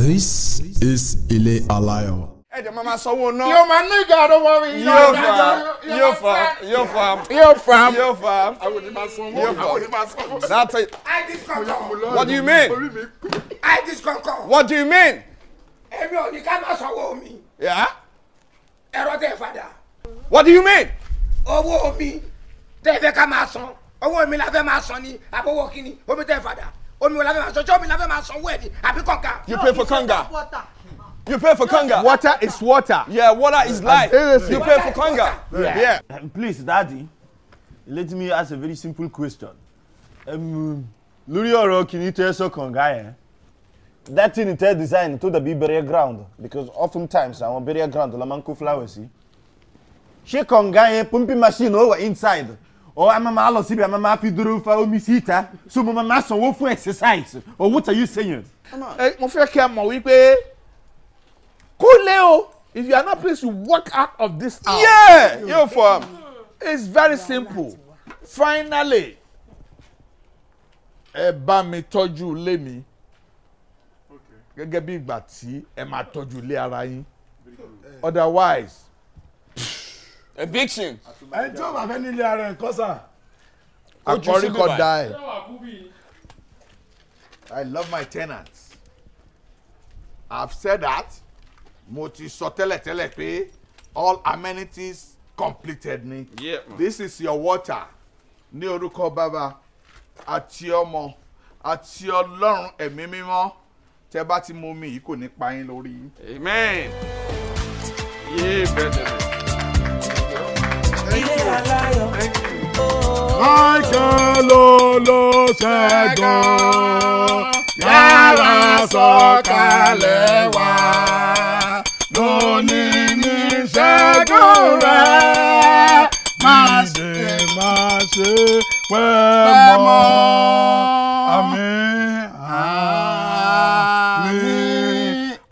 This is Ilé Aláyọ̀. Ẹ jẹ́ mama sanwó náà. Yóò máa ní ìgbà àdó wọ́n mi. Yóò fà yóò fà yóò fà yóò That's it. I dis What do you mean? I dis What do you mean? Èmi ò ní ká máa sanwó mi. Ẹ̀rọ tẹ̀ fàdà. What do you mean? Owó mi tẹ̀ fẹ́ ká máa mi la fẹ́ máa san ni àbówó kíni omi omi wo la fẹ́ máa sọ ṣé la fẹ́ máa sanwó ẹ̀ ni àbí kànga. you pay for kànga. You pay for kanga. Water is water. Yeah, water is life. You pay for kanga. Yeah. yeah. Um, please, Daddy, let me ask a very simple question. Um, lórí ọ̀rọ̀ kìíní tẹ́ sọ kànga yẹn that thing tẹ́ design to the be burial ground because often times àwọn burial ground la máa ń kó flower sí. ṣé kànga yẹn pumping machine ó wà inside or I'm a man, I'll see me, I'm a man, if you do for me, see it, so my man, so what exercise, or what are you saying? Eh, mo fẹ́ kí a mọ̀ wípé kúlẹ̀ o if you are not pleased you walk out of this house. Yeah, yóò fọ am. It's very simple. Finally, ẹ bá mi tọ́jú ilé mi gẹ́gẹ́ bí ìgbà tí ẹ máa tọ́jú ilé ara yín. Otherwise, eviction. ẹni tí ó bá fẹ́ nílé ara ẹ̀ kọ́ sà. àkọ́rí da ẹ̀. I love my tenants. I've said that. Mo ti sọ tẹ́lẹ̀tẹ́lẹ̀ pé all amenities completed ni. Yeah, This is your water. Ní orúkọ bàbá àti ọmọ àti ọlọ́run ẹ̀mí mímọ́ tẹ́ bá ti mú mi yìí kò ní pa yín lórí. Amen. Yeah, ilé aláyọ̀. láìpẹ́ ló ló ṣẹ́gun yàrá sọ̀kalẹ̀ wá lónìí ní ṣẹ́gun rẹ̀ má ṣe má ṣe pẹ́ mọ́.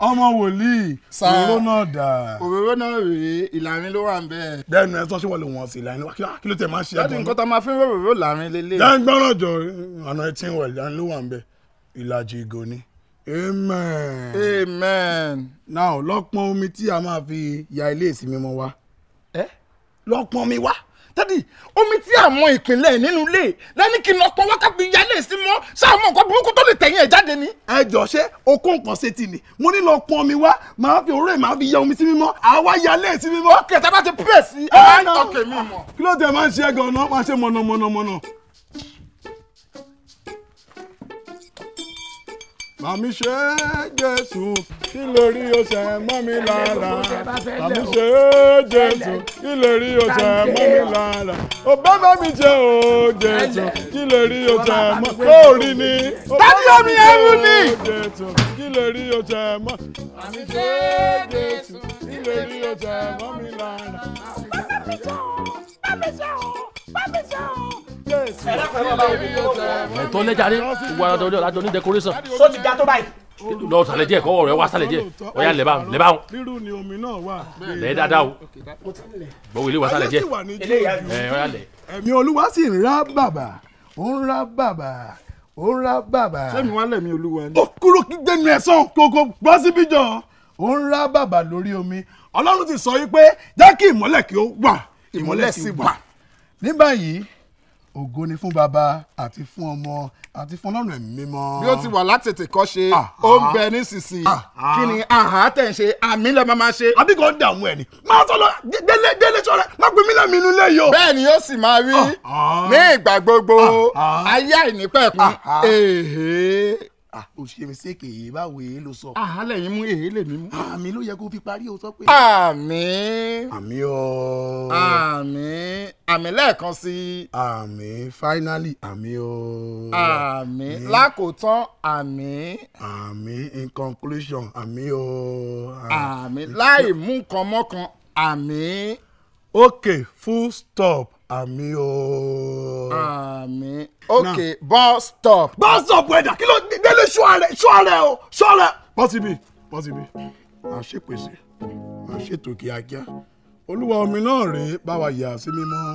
ọmọ wòlíì òróró náà dà. òróró náà rèé ìlàrin ló wà ń bẹ́ẹ̀. dẹ́nu ẹ tán ṣé wọ́n sí ìlàrin kí ló tẹ̀ máa ṣe àgbọ̀n. láti nǹkan tá máa fi ń ròròró làrin lélẹ̀. dẹ́n gbọ́ràn jọ àna ẹ ń wọ̀ ìlàrin ló wà ń bẹ́ẹ̀ ìlàjì ìgò ni. amen. amen. now lọ́pọ̀n omi tí a máa fi ya ilé ìsinmi mọ́ wa. ẹ lọ́pọ̀n mi wá dádì omi tí àwọn ìpínlẹ̀ nínú ilé lẹ́ni kí n lọ pọn wákàtí yálé sí mọ́ sáàmù nǹkan burúkú tó lè tẹ̀yìn ẹ̀ jáde ni. ẹ jọ ṣe okó nǹkan ṣe tì ní mo ní lọ pọn omi wá màá fi òróró ẹ màá fi ya omi sí mímọ́ àwa yálé sí mímọ́. ọkẹ tábà ti pèsè àwọn ọkẹ mi mọ. kí ló tẹ máa ń ṣe é ganan máa ṣe mọ̀nàmọ́nàmọ́nà. màmí ṣe jésù kí lórí oṣù mọ́ mi lára màmí ṣe jésù kí lórí oṣù mọ́ mi lára ó bá bá mi jẹ o jésù kí lórí oṣù mọ́ ó rí ni ó bá mi jẹ o jésù kí lórí oṣù mọ́ màmí ṣe jésù kí lórí oṣù mọ́ mi lára. bá mi jẹ o bá mi jẹ o bá mi jẹ o ẹ̀tọ́ lẹ́jàre wà lọ́dọ̀ lájọ ní decoration. sọ ti báyìí. lọ sàlẹ̀ díẹ̀ kọ́wọ́ rẹ̀ wá sàlẹ̀ díẹ̀ ọ̀yà lẹ́bà lẹ́bà wọn. rírù ni omi náà wà. lẹ́ẹ̀ dáadáa o gbọ́wọ́ ilé wa sàlẹ̀ díẹ̀ ẹ̀ ọ̀yà lẹ̀. ẹ̀mí olúwa sì ń rá bàbà ń rá bàbà ń rá bàbà. sẹ́mi wá lẹ̀mí olúwa ni. ó kúrò gbẹ̀mí ẹ̀sán kókó gbọ́ síbí jọ ó ń rá bàbà lórí omi ọlọ́run ti sọ yìí pé jẹ́ kí ìmọ́lẹ̀ kí ó wà ìmọ́lẹ̀ sì wà. ní báyìí ògo ni fún baba àti fún ọmọ àti fún ọlọ́run ẹ̀mí mímọ́. bí ó ti wà látètè kọ́ ṣe ó ń bẹ nísinsìnyí. kí ni àhá tẹ̀ ń ṣe àmì lẹ́ẹ̀ máa ṣe. àbí kò ń dààmú ẹ̀ ni máa sọ lọ délé délé sọ̀rọ̀ má pè mí lẹ́mìí inú ilé yìí o. bẹ́ẹ̀ ni yóò sì máa rí ní ìgbà gbogbo ayé àìnípẹ̀kun ah o ṣe mi ṣe kèé báwo èé ló sọ. àhálẹ̀ yín mú èé lèmi mú. àmì ló yẹ kó fi parí àmì lẹ́ẹ̀kan sí i. àmì finally àmì o. àmì lákòótán àmì. àmì in conclusion àmì o. àmì láì mú nǹkan mọ́kan àmì. ok full stop àmì o. àmì ok bus stop. bus stop wẹ̀dà kí ló délé ṣọ́ ààrẹ ṣọ́ ààrẹ o ṣọ́ ààrẹ. pọ́sibí pọ́sibí àṣepèsè àṣètò kíákíá olúwa omi náà rèé bá wa yà sí mímọ́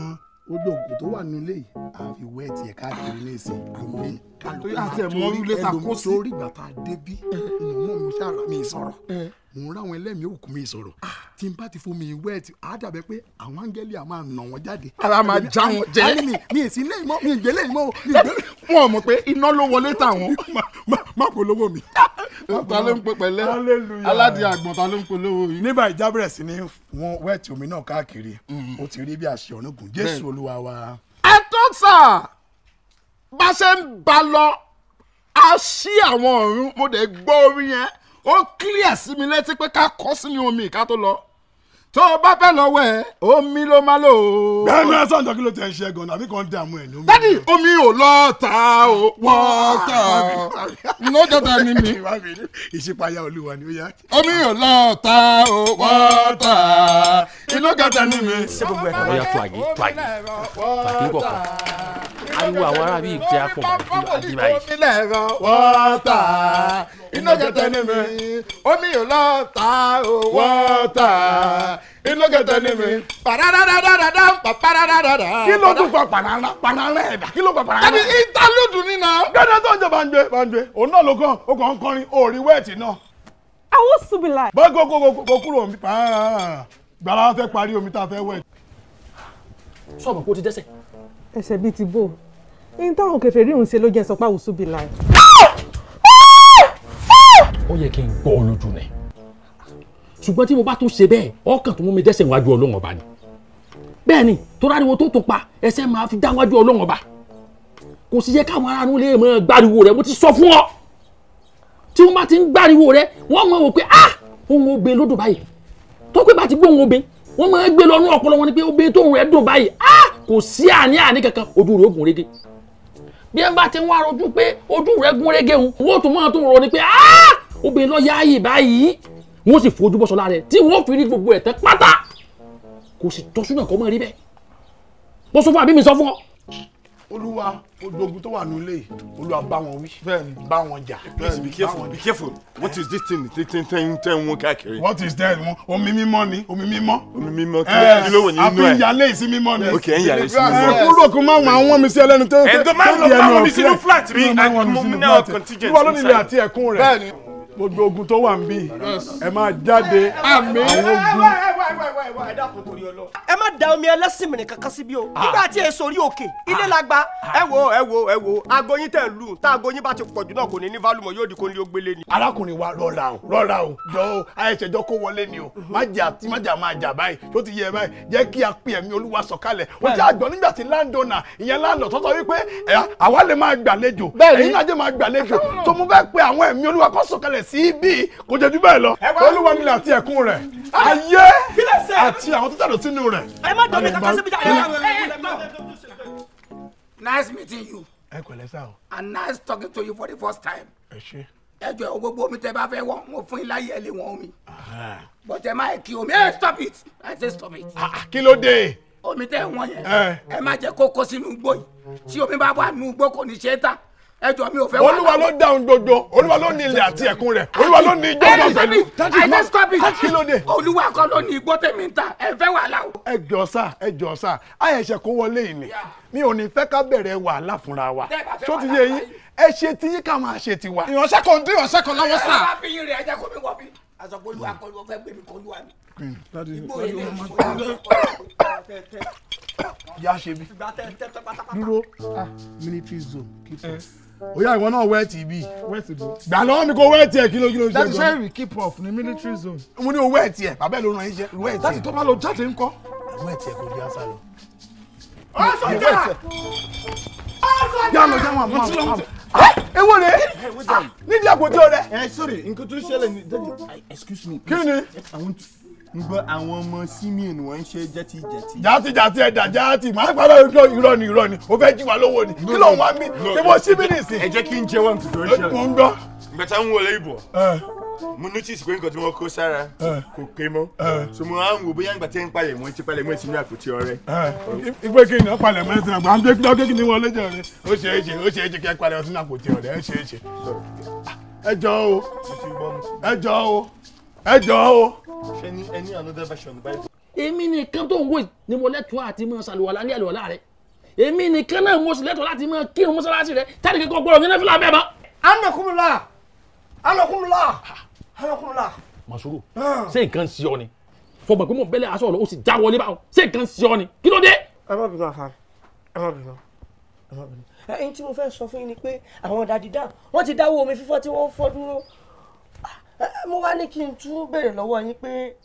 gbogbo ògùn tó wà nínú ilé yìí àfi wẹ́ẹ̀ tiẹ̀ káàkiri ní ìsìn àmọ́ kálukú àti ẹ̀mọ́ orílẹ̀ kó sí. torí ìgbà a débí ìmọ̀ mi ṣàrà mi sọ̀rọ̀ mò ń ráwọn ẹlẹ́mìí òkú mi sọ̀rọ̀ ah. tí n bá ti fún mi wẹ́ẹ̀tì á pé àwọn áńgẹ́lì á máa nà wọ́n jáde. ara máa já wọn jẹ. a ní mi mi èsì ilé ìmọ̀ mi ìgbé lé ìmọ̀ o. wọn ò mọ̀ pé iná ló wọlé tàwọn. má polówó mi. ta ló ń pe pẹ̀lẹ́ aládì àgbọ̀n ta ló ń polówó yìí. nígbà ìjábẹ̀rẹ̀ sí ni wọn wẹ́ẹ̀tì omi náà káàkiri mm. ó ti rí bí àṣẹ ọ̀nùkùn jésù olúwa wa. ẹ tó sà bá ṣe ń ba lọ a ṣí àwọn ọ̀run mo dẹ̀ gbọ́ orí yẹn ó clear sí mi létí pé ká kọ́ sínú omi ká tó lọ tó o bá fẹ́ lọ wẹ̀ omi ló máa lò ó. bẹ́ẹ̀ni ẹ sọ̀tọ̀ kí ló ti ẹ̀ ṣe gan àbí kan dé àmú ẹ̀ ló. dádì omi ò lọ ta o wọ́n ta o lọ́jọ́ ta ni mi. ìṣípayá olúwa ni ó yá. omi ò lọ ta o wọ́n ta inú kẹta ni mi. ṣé gbogbo ẹ̀ kọ́ ya tó àyè tó àyè pàtó ìkọ̀kọ̀ ariwo àwọn ará bíi jẹ́ apò àti báyìí. wọ́tà iná kẹtẹ ni mi omi yóò lọ ta o wọ́tà iná kẹtẹ ni mi. paradadadada paradadada. kí ló dùn fún panara panara ẹ̀dá kí ló fún panara. ẹni ìta ló dùn nínú. gbẹ́dẹ́ tó ń jẹ bàǹgbé bàǹgbé òun náà ló kàn ó kàn ń kọrin òòrí wẹ́ẹ̀tì náà. àwọn sùbìlà. bá gbogbo kúrò ah, gbàrà fẹ́ parí omi tá a fẹ́ wẹ̀. sọ̀rọ̀ kó o ti dẹ́sẹ̀ ẹsẹ̀ bíi ti bò ní táwọn kẹfẹ́ rí òun ṣe ló jẹ́ sọpá òṣùbí láì. ó yẹ kí n gbọ́ ọ lójú ni ṣùgbọ́n tí mo bá tún ṣe bẹ́ẹ̀ ọkàn tó mú mi dẹ́ṣẹ̀ wájú ọlọ́run ọba ni bẹ́ẹ̀ ni tó ráriwo tó tó pa ẹsẹ̀ máa fi dá wájú ọlọ́run ọba kò sì yẹ káwọn aráàlú lè mọ gbáriwo rẹ mo ti sọ fún ọ tí wọ́n bá ti ń gbáriwo rẹ wọ́n mọ̀ wò pé ah òun obìnrin ló dùn báyìí tó pé bá ti gbóhùn obìnrin wọ́n máa ń gbé lọ́nú ọpọlọ wọn ni pé obìnrin tóun rẹ̀ dùn báyìí ah kò sí àní àní kankan ojú rẹ̀ ó gùn régé bí ẹ bá ti ń wá rojú pé ojú rẹ̀ gùn régé òun wọ́n tún máa tún rọ ni pé obìnrin lọ yáàyè báyìí wọ́n sì fojú bọ́sọ̀ lára ẹ̀ tí wọ́n fi rí gbogbo ẹ̀ tán pátá kò sì tọ́sùn náà kọ́ mọ́ rí bẹ́ẹ̀ mo fún àbí mi sọ fún ọ olúwa ogun tó wà nílé olúwa bá wọn wí bá wọn jà. please be careful be careful what is this thing tí tí tí tí wọn káàkiri. what is that wọn omi mímọ́ ni omi mímọ́. omi mímọ́ tí ló wọ nínú ẹ. àfi ìyálé ìsí mímọ́ ni. ok ìyálé ìsí mímọ́. ẹ kúrò kó má wọn àwọn mi sí ẹlẹ́nu tó tó tó di ẹnu ọ̀fẹ́. ẹ má wọn mi sínú flat mi wọ́n lónìí ilé àti ẹ̀kún rẹ̀ gbogbo ogun tó wà ń bí ẹ máa jáde àwọn ogun ìwà ẹ̀dá kò torí ọlọ. ẹ má da omi ẹlẹ́sìn mìíràn kankan síbi o ah. nígbà tí ẹ sori òkè ilé la gba ah. ẹ wo ẹ wo ẹ wo agoyin tẹ̀ ń lù tá agoyin bá ti pọ̀jù náà kò ní ní valumọ̀ yóò di kó ní ó gbélé ni. arákùnrin wa rọra o rọra o jọ o àìṣẹjọ kó wọlé ni o mhm. má jà tí má jà máa jà báyìí tó ti yẹ báyìí jẹ́ kí a pe ẹ̀mí olúwa sọ̀kalẹ̀ o jẹ́ àgbọ̀n nígbà tí landowner ìyẹn landlord tó sọ wípé àwa lè máa gbàlejò ẹ̀yin náà jẹ́ máa gbàlejò tó mo fẹ́ pe àwọn ẹ̀mí olúwa kó sọ̀kalẹ̀ sí ibi kò jẹ́ jù bẹ́ẹ̀ lọ olúwa nílẹ̀ àti ẹ̀kún rẹ̀ ah. ayé àti àwọn tó tàdó sínú rẹ̀. ẹ má dọ̀bẹ̀ kankan síbi jà. nice meeting you. ẹ pẹ̀lẹ́ sá o. and nice talking to you for the first time. ẹ ṣe. ẹ jọ ìwọ gbogbo omi tẹ bá fẹ́ wọn mo fún yín láyé ẹ lè wọn omi. bọ̀tẹ má kí omi ẹ stop it i say stop it. Ah, ah, kí ló dé. omi tẹ wọn yẹn eh. ẹ má jẹ kó kó sínú igbó yìí tí omi bá wà nínú igbó kò ní ṣe é ta ẹjọ mi ò fẹ́ wà. olúwa ló dáhùn gbogbo olúwa ló ní ilẹ̀ àti ẹ̀kún rẹ̀ olúwa ló ní igbó kan pẹ̀lú. i just stop it kílódé. olúwa kan ló ní igbó tèmi ta ẹ fẹ́ wàhálà o. ẹ jọ sá ẹ jọ sá àyẹ̀ṣẹ̀ kó wọlé yìí ni mi ò ní fẹ́ ká bẹ̀rẹ̀ wàhálà fúnra wa ṣó ti yé yín ẹ ṣe tí yín ká máa ṣe tiwa. ìránṣẹ́ kan dín ìránṣẹ́ kan lọ́wọ́ sá. ẹ bá fi yín rẹ̀ ẹ jẹ́ kó mi wọ̀ bí àzọ̀gbọ́lùwà kọ́ ló fẹ́ gbé mi kọ́ lùwà mi ya ṣe bi dúró ah, military zone kìtọ oya ìwọ náà wẹ́ẹ̀tì bí. wẹ́ẹ̀tì bò. gbà lọ́wọ́ mi kó wẹ́ẹ̀tì ẹ̀ kìlọ̀ kìlọ̀ jẹ́ gan. that is why we keep off the military zone. mo ní o wẹ́ẹ̀tì ẹ̀ bàbá ẹ̀ ló ràn yín jẹ́ wẹ́ẹ̀tì ẹ̀. láti tó bá lọ jáde ńkọ́. wẹ́ẹ̀tì ẹ̀ kò bí asa lọ. ọ̀sọ̀jà ọ̀sọ̀jà ewo re nídìí àpótí ọ̀rẹ́. ẹ eh, sorry nǹkan tó ni. excuse me. kí ni ngbọ́ àwọn ọmọ simeon wọ́n ń ṣe jẹ́tijẹ́ti. jàtijàti ẹ̀dà jàti màá gbàdọ̀ irọ́ irọ́ ni irọ́ ni o fẹ́ jí wa lówó ni kí ló ń wá mí ṣé mo sí mí nìsín. ẹ jẹ́ kí n jẹ́ wọn tó ṣe. mo ń gbọ́. bẹ́tà ń wọlé ìbò mo notice pé nǹkan tí wọ́n kó sára kò pé mọ́ so mo máa ń wo bóyá ìgbà tí ń palẹ̀ mọ́ ti palẹ̀ mọ́ ìsinmi àpótí ọrẹ. ìgbé kí ni wọ́n palẹ̀ mọ́ ìsinmi àpótí ọrẹ àgbà kí ni wọ́n lójú ọrẹ ó ṣe é ṣe ó ṣe é ṣe kí wọ́n palẹ̀ ọtí ní àpótí ọrẹ ó ṣe é ṣe. ẹ jọ o ẹ jọ o ẹ jọ o. ṣe ni ẹni another version bible. èmi nìkan tó ń wò ni mo lẹ́tọ̀ọ́ àti mọ ṣàlùwàlá ní àlùwàlá rẹ èmi nìkan náà mo sì lẹ́tọ̀ọ́ láti mọ kírun mọ́ṣáláṣí rẹ tàbí kíkọ́ gbọ́dọ̀ ní nẹ́fìlà bẹ́ẹ̀ mọ́. anakunla anakunla anakunla. masoro ah. ṣé nǹkan sí ọ ni fọmọ pé mo bẹ́lẹ̀ aṣọ ọ̀nà ó sì já wọlé báwọn ṣé nǹkan sí ọ ni kí ló dé. ẹ má bínú àfa ẹ má bínú ẹ má bínú. ẹyin tí mo fẹ́ sọ fún yín ni pé àwọn dàdídà wọ́n ti dáwọ́ omi fífọ́ tí wọ́n fọ́ dúró mo wá ní kí n tún béèrè lọ́wọ́ yín pé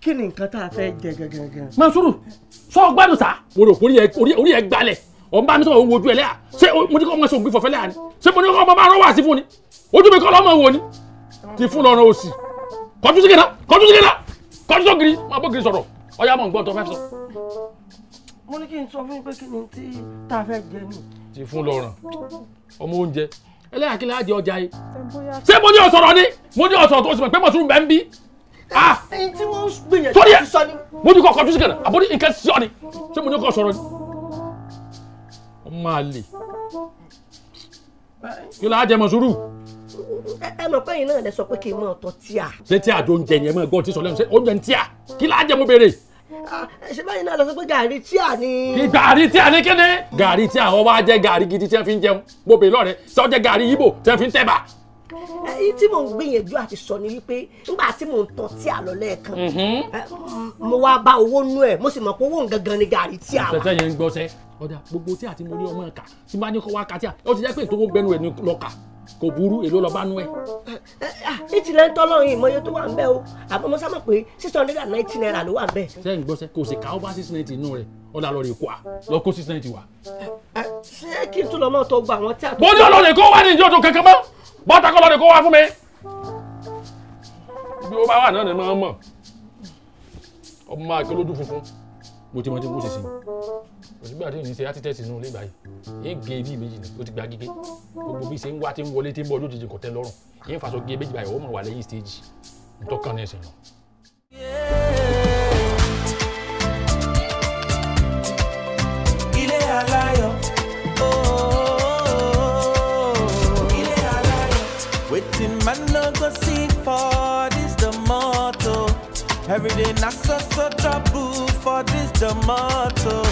kí ni nǹkan tá a fẹ́ jẹ gẹ́gẹ́gẹ́. Mansuru sọ gbádùn sá. mo rò orí ẹ orí ẹ gbalẹ̀ ọ̀n bá mi sọ̀rọ̀ òun ojú ẹ lẹ́yà ṣé mo ní kọ́ ọmọ ṣògbìn fọ̀fẹ́ lẹ́yà ni ṣé mo ní kọ́ ọmọ bá rán wá sí fún ni ojú mi kọ́ lọ́mọ wo ni ti fún lọ́rùn òsì kọjú sí kẹta kọjú sí kẹta kọjú sọ giri máa bọ́ giri sọ̀rọ̀ ọ̀yá mọ̀ ń gbọ́n tó fẹ́ sọ. mo ní kí n sọ fún yín pé kí ni tí ẹlẹ́yà kí láàjẹ ọjà yìí ṣé mo ní o sọ̀rọ̀ ni mo ní o sọ̀rọ̀ tó o sì mọ̀ pé mo tún bẹ́ẹ̀ ń bí. Ah! ẹyin tí wọ́n gbìyànjú ti sọ ni. mo ní kọ́ ọkọ̀ tó sì kàn àbọ̀ ní nǹkan sọ ni ṣé mo ní kọ́ sọ̀rọ̀ ni. ọmọ àlè kí láàjẹ mọ̀ sùúrù ẹ mọ̀ pé ẹ̀yin náà lẹ sọ pé kí n mọ̀ ọ̀tọ̀ tíà. ṣé tíà tó ń jẹ yẹn mọ̀ gbọ́ ti sọ lẹ́nu ṣé oúnjẹ ń tíà kí láàjẹ mo béèrè. Ah, ṣe báyìí náà lọ sọ pé gàrí tíà ni. kí gàrí tíà ni kí ni. gàrí tíà wọn wá jẹ gàrí gidi tí wọn fi ń jẹun mo bèè lọrẹ sọ jẹ gàrí yíbò tí wọn fi ń tẹ̀bà. Eh, èyí tí mò ń gbìyànjú àti sọ ni wípé nígbà tí mò ń tọ tíà lọ lẹ́ẹ̀kan mm-hmm. eh, mo wá bá owó nú ẹ̀ mo sì mọ̀ pé owó gangan ni gàrí tíà wa. ṣẹ̀ṣẹ̀ yẹn ń gbọṣẹ ọjà gbogbo tíà tí mo ní ọmọ ẹka tí bá ní kó wá ka tíà ó ti jẹ pé ìtòwó gbẹnu ẹ ní lọ kà kò burú èlò lọ bá nú ẹ títí lẹ́yìn tọ́lọ́run ìmọ̀ye tó wà ń bẹ̀ o àmọ́ mo pé six hundred and ninety naira ló wà ń bẹ̀. sẹ́yìn gbọ́sẹ̀ kò sì ká ó bá six ninety inú rẹ̀ ọ̀dà lọ rè kó a lọ kó six ninety wa. ṣé kí n tún lọ mọ́ tó gba àwọn tí a. bó ní ọlọ́run kó wá ní ìjọ́ tó kankan mọ́ bọ́tà kọ́ lọ́run kó wá fún mi. bí ó bá wà náà ni máa ń mọ̀ ọmọ akérò funfun bó ti mọ tí bó ṣe sinmi òṣùgbà tí òyìnbó ṣe átítẹ́sì inú ilé báyìí yéé gé ibi méjì ni ó ti gba gígé gbogbo bí ṣe ń wá tí ń wọlé tí ń bọ̀ lójijì kò tẹ́ lọ́rùn yéé faṣọ gé méjì báyìí ó mọ̀ wà lẹ́yìn stéèjì ntọ́kàn ẹ̀sìn náà. ilé oh, oh, oh, man no go see for. Every day na so so trouble for this tomato.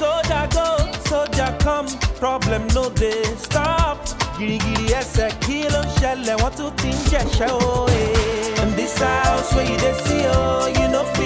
Soldier go, soldier come, problem no day stop. Girigiri ẹsẹ̀ kí ló ṣẹlẹ̀ wọ́n tún ti ń jẹ̀ṣẹ̀ o. In this house where you dey see o, oh, you know